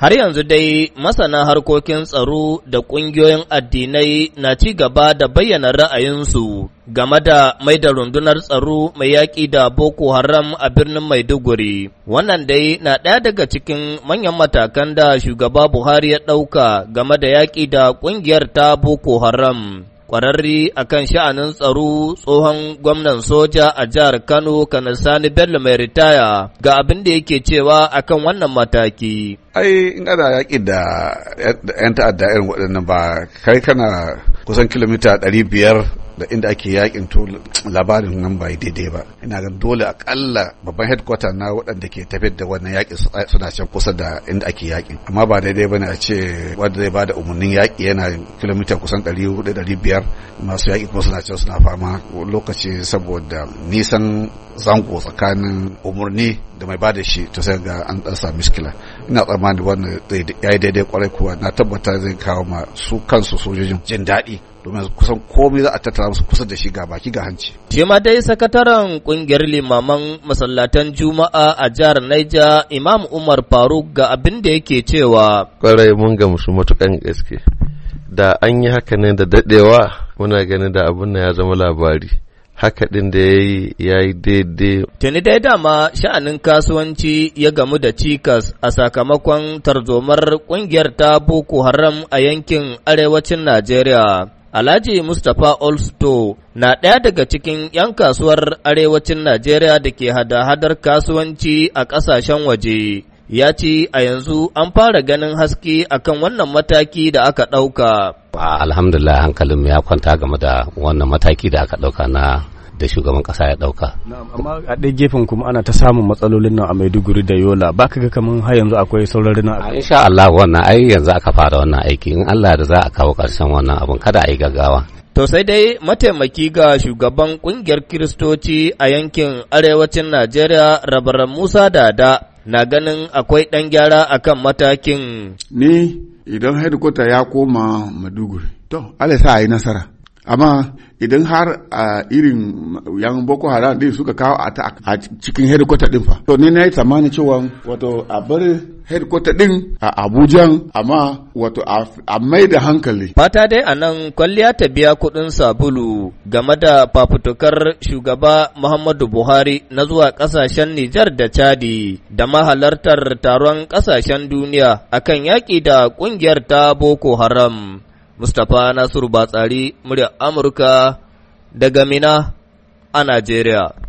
Har yanzu dai masana harkokin tsaro da ƙungiyoyin addinai na ci gaba da bayyana ra'ayinsu game da mai da rundunar tsaro mai yaƙi da Boko Haram a birnin Maiduguri. Wannan dai na ɗaya daga cikin manyan matakan da shugaba Buhari ya ɗauka game da yaƙi da ƙungiyar ta Boko Haram. kwararri a kan sha'anin tsaro tsohon gwamnan soja a jihar Kano kanar Sani Bello mai ritaya ga abin da yake cewa akan wannan mataki. Ai in ana yaƙi da 'yan ta'adda irin waɗannan ba kai kana kusan kilomita ɗari biyar da inda ake yakin to labarin nan bai daidai ba ina ga dole akalla babban headquarter na waɗanda ke tafiyar da wannan yakin suna can kusa da inda ake yakin amma ba daidai bane a ce wanda zai bada umarnin yaki yana kilomita kusan 400-500 masu yaki kuma suna can suna fama lokaci saboda nisan zango tsakanin umarni da mai bada shi to sai ga an dan sami miskila ina tsammani wannan ya yi daidai kwarai kuwa na tabbata zai kawo ma su kansu sojojin jin daɗi domin kusan komai za a tattara musu kusa da shi ga baki ga hanci. Shi dai sakataren kungiyar limaman masallatan Juma'a a jihar Naija Imam Umar Faruk ga abin da yake cewa. Kwarai mun musu matukan gaske. Da an yi haka ne da daɗewa muna ganin da abin ya zama labari. haka ɗin da ya yi ya yi daidai. Tuni dai dama sha'anin kasuwanci ya gamu da cikas a sakamakon tarzomar ƙungiyar ta Boko Haram a yankin arewacin Najeriya. Alhaji Mustapha Olsto na ɗaya daga cikin 'yan kasuwar arewacin Najeriya da ke hada-hadar kasuwanci a ƙasashen waje. ya ce a yanzu an fara ganin haske akan wannan mataki da aka ɗauka. alhamdulillah hankalin ya kwanta game da wannan mataki da aka ɗauka na da shugaban kasa ya ɗauka. amma a ɗaya gefen kuma ana ta samun matsalolin nan a maiduguri da yola ba ka ga kamar har yanzu akwai sauraron na insha Allah wannan ai yanzu aka fara wannan aiki in Allah da za a kawo ƙarshen wannan abin kada a yi gaggawa. To sai dai mataimaki ga shugaban kungiyar Kiristoci a yankin arewacin Najeriya rabaran Musa Dada na ganin akwai ɗan gyara akan matakin. Ni idan hedikwata ya koma Maduguri, to, sa a yi nasara. Amma idan har a irin yan Boko Haram din suka kawo a cikin hedikwata ɗin fa, to ni na yi tsammani cewa wato a bari headquarter din a Abuja amma wato a mai da hankali. Fata dai a nan kwalliya ta biya kuɗin sabulu game da fafutukar shugaba Muhammadu Buhari na zuwa ƙasashen Nijar da Chadi da mahalartar taron ƙasashen duniya akan yaƙi da ƙungiyar ta Boko Haram. Mustapha Nasiru Batsari, murya Amurka daga Mina a Najeriya.